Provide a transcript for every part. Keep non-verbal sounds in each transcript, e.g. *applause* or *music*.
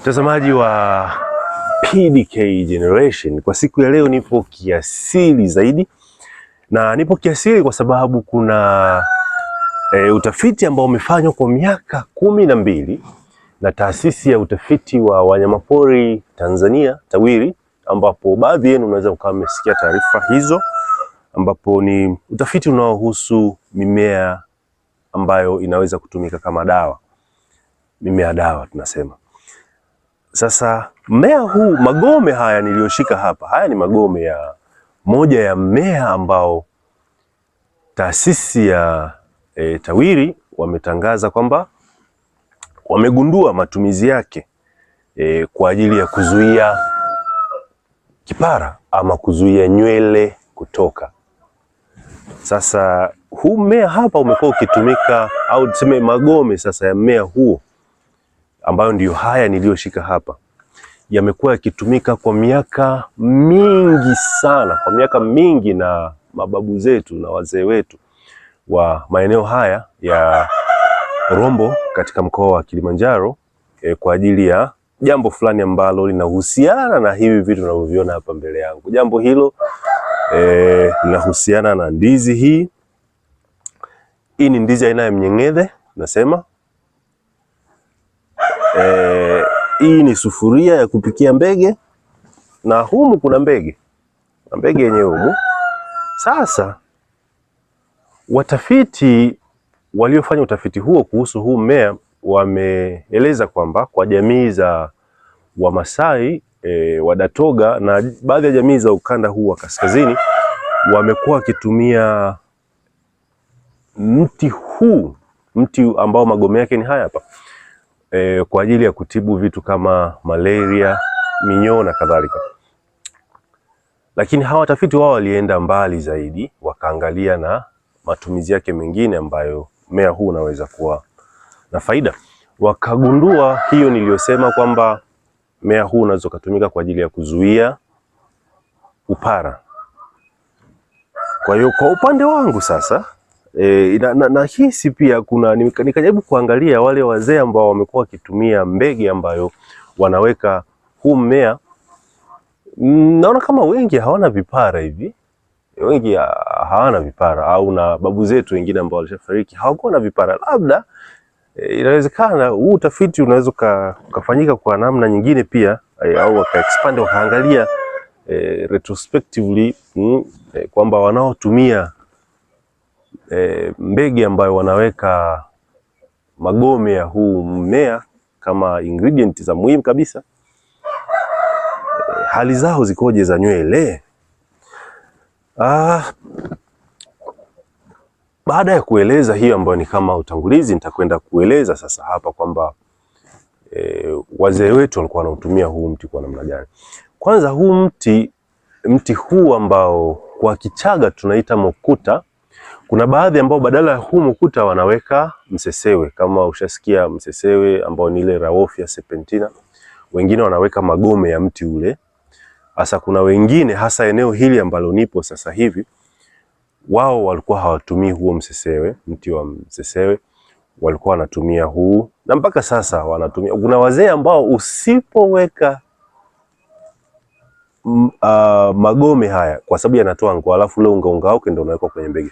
Mtazamaji wa PDK Generation, kwa siku ya leo nipo kiasili zaidi, na nipo kiasili kwa sababu kuna e, utafiti ambao umefanywa kwa miaka kumi na mbili na taasisi ya utafiti wa wanyamapori Tanzania TAWIRI, ambapo baadhi yenu unaweza ukawa mmesikia taarifa hizo, ambapo ni utafiti unaohusu mimea ambayo inaweza kutumika kama dawa, mimea dawa tunasema sasa mmea huu, magome haya niliyoshika hapa, haya ni magome ya moja ya mmea ambao taasisi ya e, TAWIRI wametangaza kwamba wamegundua matumizi yake e, kwa ajili ya kuzuia kipara ama kuzuia nywele kutoka. Sasa huu mmea hapa umekuwa ukitumika au tuseme magome sasa ya mmea huo ambayo ndiyo haya niliyoshika hapa, yamekuwa yakitumika kwa miaka mingi sana, kwa miaka mingi na mababu zetu na wazee wetu wa maeneo haya ya Rombo katika mkoa wa Kilimanjaro eh, kwa ajili ya jambo fulani ambalo linahusiana na hivi vitu tunavyoviona hapa mbele yangu. Jambo hilo eh, linahusiana na ndizi hii. Hii ni ndizi aina ya mnyeng'edhe, nasema E, hii ni sufuria ya kupikia mbege na humu kuna mbege na mbege yenye humu. Sasa watafiti waliofanya utafiti huo kuhusu huu mmea wameeleza kwamba kwa jamii za Wamasai e, Wadatoga na baadhi ya jamii za ukanda huu wa kaskazini wamekuwa wakitumia mti huu, mti ambao magome yake ni haya hapa e, kwa ajili ya kutibu vitu kama malaria, minyoo na kadhalika. Lakini hawa watafiti wao walienda mbali zaidi, wakaangalia na matumizi yake mengine ambayo mmea huu unaweza kuwa na faida. Wakagundua hiyo niliyosema kwamba mmea huu unaweza kutumika kwa ajili ya kuzuia upara. Kwa hiyo kwa upande wangu sasa E, na, na, na hisi pia kuna nikajaribu kuangalia wale wazee ambao wamekuwa wakitumia mbege ambayo wanaweka huu mmea, naona kama wengi hawana vipara hivi, wengi ah, hawana vipara, au na babu zetu wengine ambao walishafariki hawakuwa na vipara. Labda e, inawezekana huu utafiti unaweza ukafanyika kwa namna nyingine pia, e, au expand wakaangalia e, retrospectively mm, e, kwamba wanaotumia e, eh, mbegu ambayo wanaweka magome ya huu mmea kama ingredient za muhimu kabisa e, hali zao zikoje za nywele? Ah, baada ya kueleza hiyo ambayo ni kama utangulizi, nitakwenda kueleza sasa hapa kwamba e, wazee wetu walikuwa wanautumia huu mti kwa namna gani. Kwanza huu mti mti huu ambao kwa Kichaga tunaita mokuta kuna baadhi ambao badala ya huu mkuta wanaweka msesewe, kama ushasikia msesewe ambao ni ile raofia serpentina. Wengine wanaweka magome ya mti ule. hasa kuna wengine hasa eneo hili ambalo nipo sasa hivi, wao walikuwa hawatumii huo msesewe, mti wa msesewe, walikuwa wanatumia huu, na mpaka sasa wanatumia. Kuna wazee ambao usipoweka uh, magome haya, kwa sababu yanatoa ngo alafu ule unga unga wake ndio unawekwa kwenye mbege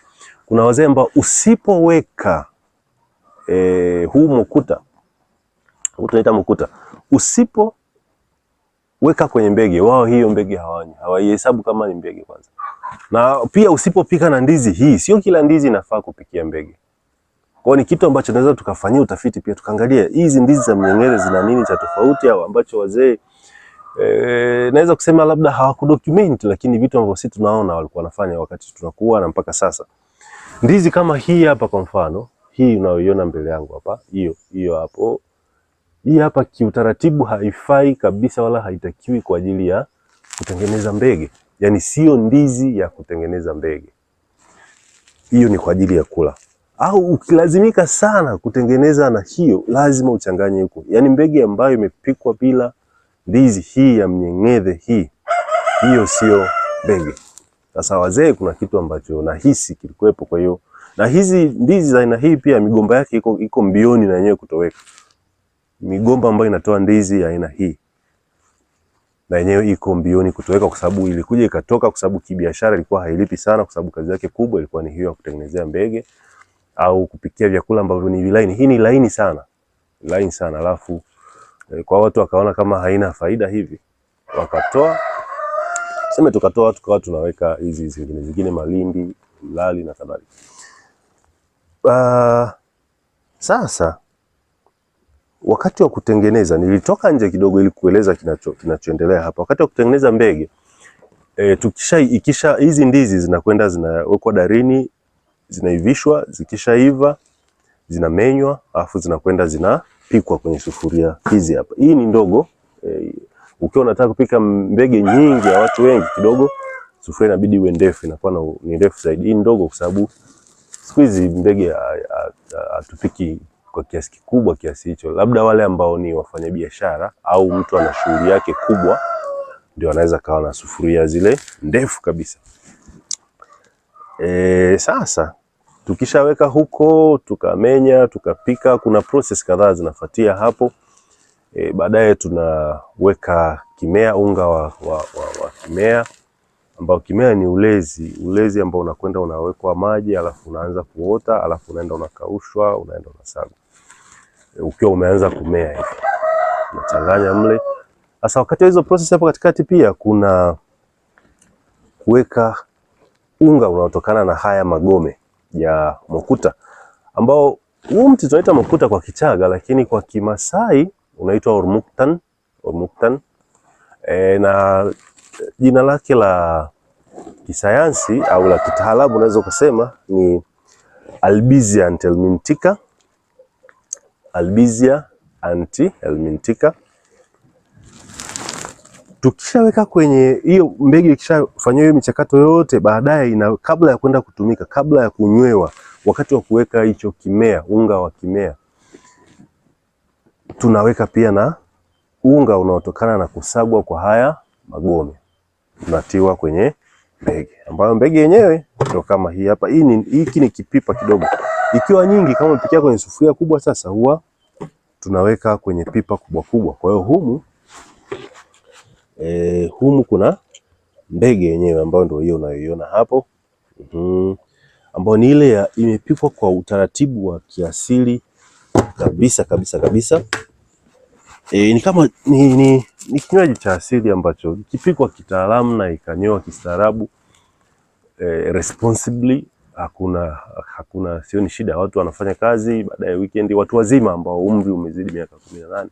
kuna wazee ambao usipoweka e, huu mkuta huu tunaita mukuta, usipoweka kwenye mbege wao, hiyo mbege hawanyi, hawaihesabu kama ni mbege kwanza. Na pia usipopika na ndizi hii, sio kila ndizi inafaa kupikia mbege. Kwa ni kitu ambacho tunaweza tukafanyia utafiti pia tukaangalia hizi ndizi za mnyengere zina nini cha tofauti, au ambacho wazee e, naweza kusema labda hawakudocument, lakini vitu ambavyo sisi tunaona walikuwa wanafanya wakati tunakuwa na mpaka sasa. Ndizi kama hii hapa kwa mfano, hii unayoiona mbele yangu hapa, hiyo hiyo hapo, hii hapa kiutaratibu haifai kabisa, wala haitakiwi kwa ajili ya kutengeneza mbege, yaani sio ndizi ya kutengeneza mbege. Hiyo ni kwa ajili ya kula, au ukilazimika sana kutengeneza na hiyo, lazima uchanganye huko, yaani mbege ambayo imepikwa bila ndizi hii ya mnyeng'edhe hii, hiyo sio mbege. Sasa wazee, kuna kitu ambacho nahisi kilikuwepo. Kwa hiyo na hizi ndizi za aina hii pia migomba yake iko, iko mbioni na yenyewe kutoweka. Migomba ambayo inatoa ndizi ya aina hii na yenyewe iko mbioni kutoweka, kwa sababu ilikuja ikatoka, kwa sababu kibiashara ilikuwa hailipi sana, kwa sababu kazi yake kubwa ilikuwa ni hiyo ya kutengenezea mbege au kupikia vyakula ambavyo ni vilaini. Hii ni laini sana, laini sana, alafu eh, kwa watu wakaona kama haina faida hivi wakatoa sema tukatoa tukawa tunaweka hizi zingine zingine malindi, mlali na kadhalika. Uh, sasa wakati wa kutengeneza nilitoka nje kidogo ili kueleza kinacho kinachoendelea hapa. Wakati wa kutengeneza mbege e, tukisha ikisha hizi ndizi zinakwenda zinawekwa darini, zinaivishwa, zikishaiva zinamenywa, alafu zinakwenda zinapikwa kwenye sufuria hizi hapa. Hii ni ndogo e, ukiwa unataka kupika mbege nyingi ya watu wengi, kidogo sufuria inabidi iwe ndefu, inakuwa ni ndefu zaidi. Hii ndogo kwa sababu siku hizi mbege hatupiki kwa kiasi kikubwa kiasi hicho, labda wale ambao ni wafanyabiashara au mtu ana shughuli yake kubwa ndio anaweza kawa na sufuria zile ndefu kabisa. E, sasa tukishaweka huko tukamenya tukapika, kuna process kadhaa zinafuatia hapo. E, baadaye tunaweka kimea, unga wa, wa, wa, wa kimea ambao kimea ni ulezi, ulezi ambao unakwenda unawekwa maji alafu unaanza kuota alafu unaenda unakaushwa, unaenda unasaga e, ukiwa umeanza kumea hivi unachanganya mle. Sasa wakati wa hizo process hapo katikati pia kuna kuweka unga unaotokana na haya magome ya mokuta ambao huu mti tunaita mokuta kwa Kichaga, lakini kwa Kimasai unaitwa Ormuktan, Ormuktan. E, na jina lake la kisayansi au la kitaalamu unaweza ukasema ni Albizia antelmintica, Albizia antelmintica. Tukishaweka kwenye hiyo mbegu, ikishafanywa hiyo michakato yote, baadaye ina kabla ya kwenda kutumika, kabla ya kunywewa, wakati wa kuweka hicho kimea, unga wa kimea tunaweka pia na unga unaotokana na kusagwa kwa haya magome, unatiwa kwenye mbege, ambayo mbege yenyewe ndio kama hii hapa. Hii ni hiki ni kipipa kidogo. Ikiwa nyingi kama umepikia kwenye sufuria kubwa, sasa huwa tunaweka kwenye pipa kubwa kubwa. Kwa hiyo humu e, humu kuna mbege yenyewe ambayo ndio hiyo unayoiona hapo mm, ambayo ni ile ya imepikwa kwa utaratibu wa kiasili kabisa kabisa kabisa E, ni kama ni, ni, ni kinywaji cha asili ambacho kipikwa kitaalamu na ikanyoa kistaarabu e, responsibly hakuna hakuna, sioni shida. Watu wanafanya kazi baada ya weekend, watu wazima ambao umri umezidi miaka 18 nane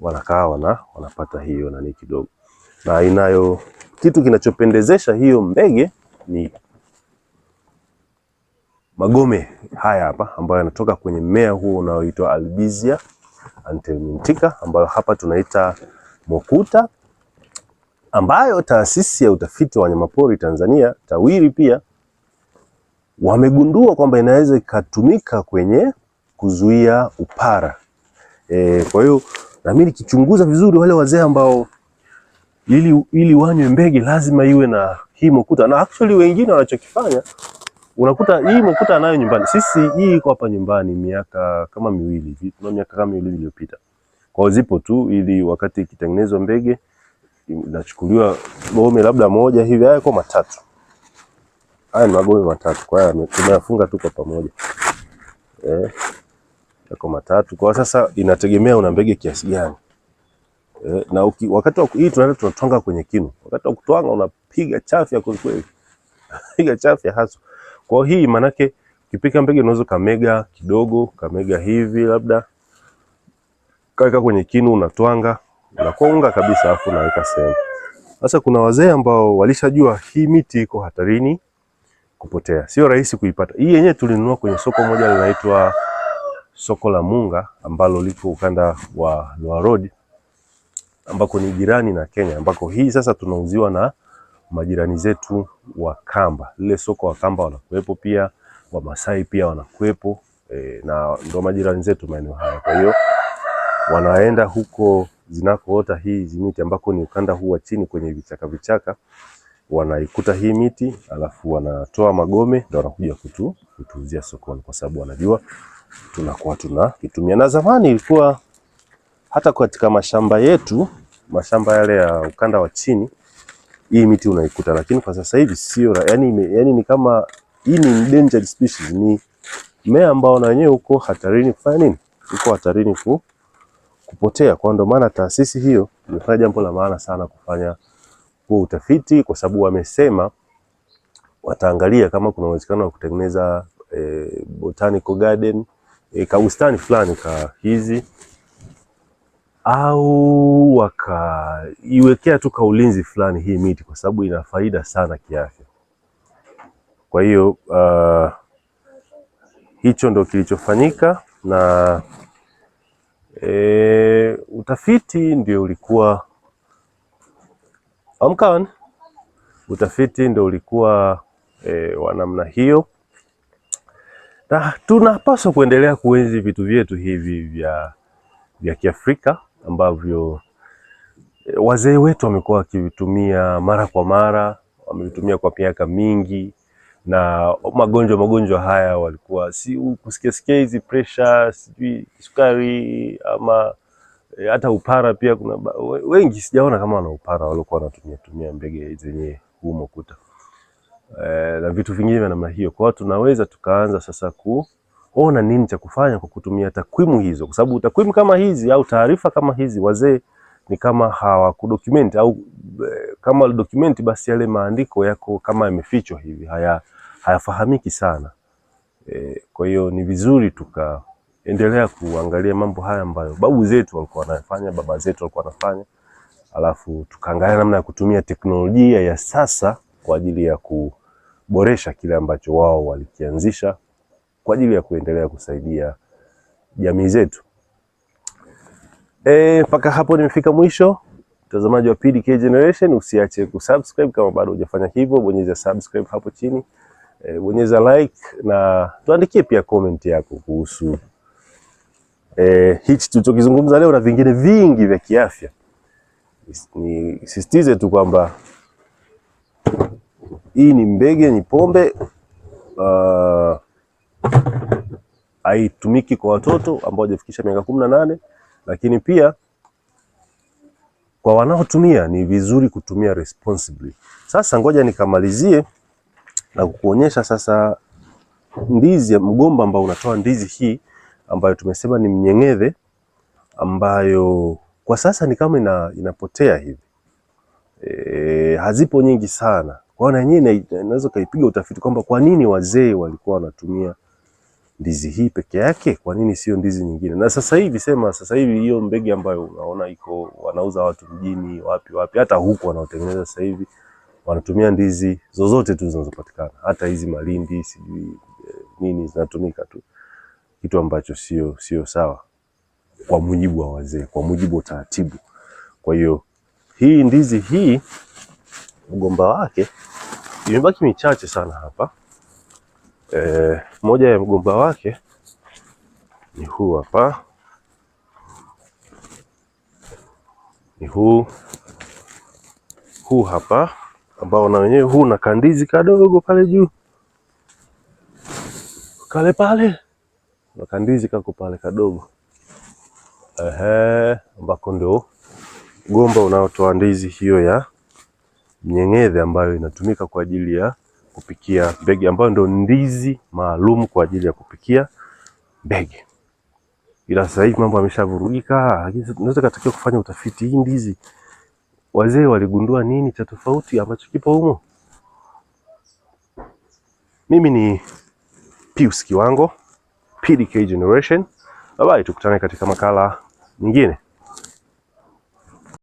wanakaa wana wanapata hiyo nani kidogo, na inayo kitu kinachopendezesha hiyo mbege ni magome haya hapa ambayo yanatoka kwenye mmea huo unaoitwa albizia antimintika ambayo hapa tunaita Mokuta, ambayo taasisi ya utafiti wa wanyamapori Tanzania TAWIRI pia wamegundua kwamba inaweza ikatumika kwenye kuzuia upara. E, kwa hiyo mimi nikichunguza vizuri wale wazee ambao ili, ili wanywe mbege lazima iwe na hii Mokuta, na actually wengine wanachokifanya unakuta hii umekuta nayo nyumbani. Sisi hii iko hapa nyumbani miaka kama miwili hivi, tuna miaka kama miwili iliyopita. Kwa hiyo zipo tu, ili wakati ikitengenezwa mbege inachukuliwa gome labda moja hivi, haya kwa matatu, haya ni magome matatu, kwa hiyo tumeyafunga tu kwa pamoja eh, yako matatu. Kwa sasa inategemea una mbege kiasi gani eh, na uki, wakati wa hii tunaenda tunatwanga kwenye kinu, wakati wa kutwanga unapiga chafya kwa kweli, *laughs* piga chafya hasa kwa hii manake ukipika mbege unaweza kamega kidogo, kamega hivi labda kaweka kwenye kinu, unatwanga unakuwa unga kabisa, afu unaweka sehemu. Sasa kuna wazee ambao walishajua hii miti iko hatarini kupotea, sio rahisi kuipata. Hii yenyewe tulinunua kwenye soko moja linaitwa soko la Munga ambalo liko ukanda wa Lwa Road ambako ni jirani na Kenya ambako hii sasa tunauziwa na majirani zetu Wakamba, lile soko Wakamba wanakuwepo pia, Wamasai pia wanakuwepo e, na ndo majirani zetu maeneo haya. Kwa hiyo wanaenda huko zinakoota hizi miti ambako ni ukanda huu wa chini kwenye vichaka vichaka, wanaikuta hii miti alafu wanatoa magome ndo wanakuja kutu kutuuzia sokoni, kwa sababu wanajua tunakuwa tunakitumia. Na zamani ilikuwa hata katika mashamba yetu, mashamba yale ya ukanda wa chini hii miti unaikuta, lakini kwa sasa hivi sio yani, yani ni kama hii ni endangered species, ni mmea ambao na wenyewe uko hatarini kufanya nini, uko hatarini ku, kupotea. Kwa ndo maana taasisi hiyo imefanya jambo la maana sana kufanya huo utafiti, kwa sababu wamesema wataangalia kama kuna uwezekano wa kutengeneza e, botanical garden e, eh, kaustani fulani ka hizi au wakaiwekea tu kaulinzi fulani hii miti, kwa sababu ina faida sana kiafya. Kwa hiyo uh, hicho ndo kilichofanyika na e, utafiti ndio ulikuwa amkan, utafiti ndio ulikuwa e, wa namna hiyo, na tunapaswa kuendelea kuenzi vitu vyetu hivi vya vya Kiafrika ambavyo eh, wazee wetu wamekuwa wakivitumia mara kwa mara, wamevitumia kwa miaka mingi, na magonjwa magonjwa haya walikuwa si kusikia sikia hizi presha, sijui sukari ama eh, hata upara pia. Kuna wengi sijaona kama wana upara waliokuwa wanatumia tumia mbege zenye humo kuta e, eh, na vitu vingine vya namna hiyo. Kwa hiyo tunaweza tukaanza sasa ku ona nini cha kufanya kwa kutumia takwimu hizo, kwa sababu takwimu kama hizi au taarifa kama hizi wazee ni kama hawakudokumenti au eh, kama document basi yale maandiko yako kama yamefichwa hivi, haya hayafahamiki sana. E, kwa hiyo ni vizuri tukaendelea kuangalia mambo haya ambayo babu zetu walikuwa wanafanya, baba zetu walikuwa wanafanya, alafu tukaangalia namna ya kutumia teknolojia ya sasa kwa ajili ya kuboresha kile ambacho wao walikianzisha kwa ajili ya kuendelea kusaidia jamii zetu. E, mpaka hapo nimefika mwisho mtazamaji wa PDK Generation, usiache kusubscribe kama bado hujafanya hivyo, bonyeza subscribe hapo chini e, bonyeza like na tuandikie pia comment yako kuhusu e, hichi tulichokizungumza leo na vingine vingi vya kiafya. Nisisitize tu kwamba hii ni mbege, ni pombe uh, haitumiki kwa watoto ambao hawajafikisha miaka kumi na nane, lakini pia kwa wanaotumia ni vizuri kutumia responsibly. Sasa ngoja nikamalizie na kukuonyesha sasa ndizi mgomba ambao unatoa ndizi hii ambayo tumesema ni mnyeng'edhe, ambayo kwa sasa ni kama ina, inapotea hivi e, hazipo nyingi sana. Kwa na yenyewe inaweza kaipiga utafiti kwamba kwa nini wazee walikuwa wanatumia ndizi hii peke yake, kwa nini sio ndizi nyingine? Na sasa hivi sema, sasa hivi hiyo mbege ambayo unaona iko wanauza watu mjini wapi wapi, hata huku wanaotengeneza sasa hivi wanatumia ndizi zozote tu zinazopatikana, hata hizi Malindi sijui eh, nini zinatumika tu, kitu ambacho sio sio sawa kwa mujibu wa wazee, kwa mujibu wa taratibu. Kwa hiyo hii ndizi hii mgomba wake imebaki michache sana hapa eh, moja ya mgomba wake ni huu hapa, ni huu huu hapa, ambao na wenyewe huu na kandizi kadogo pale juu kale pale na kandizi kako pale kadogo, ehe, ambako ndio gomba unaotoa ndizi hiyo ya mnyeng'edhe ambayo inatumika kwa ajili ya kupikia mbege, ambayo ndio ndizi maalum kwa ajili ya kupikia mbege. Ila sasa hivi mambo yameshavurugika, naweza katakiwa kufanya utafiti, hii ndizi wazee waligundua nini cha tofauti ambacho kipo humo? Mimi ni Pius Kiwango, PDK Generation. Bye bye, tukutane katika makala nyingine.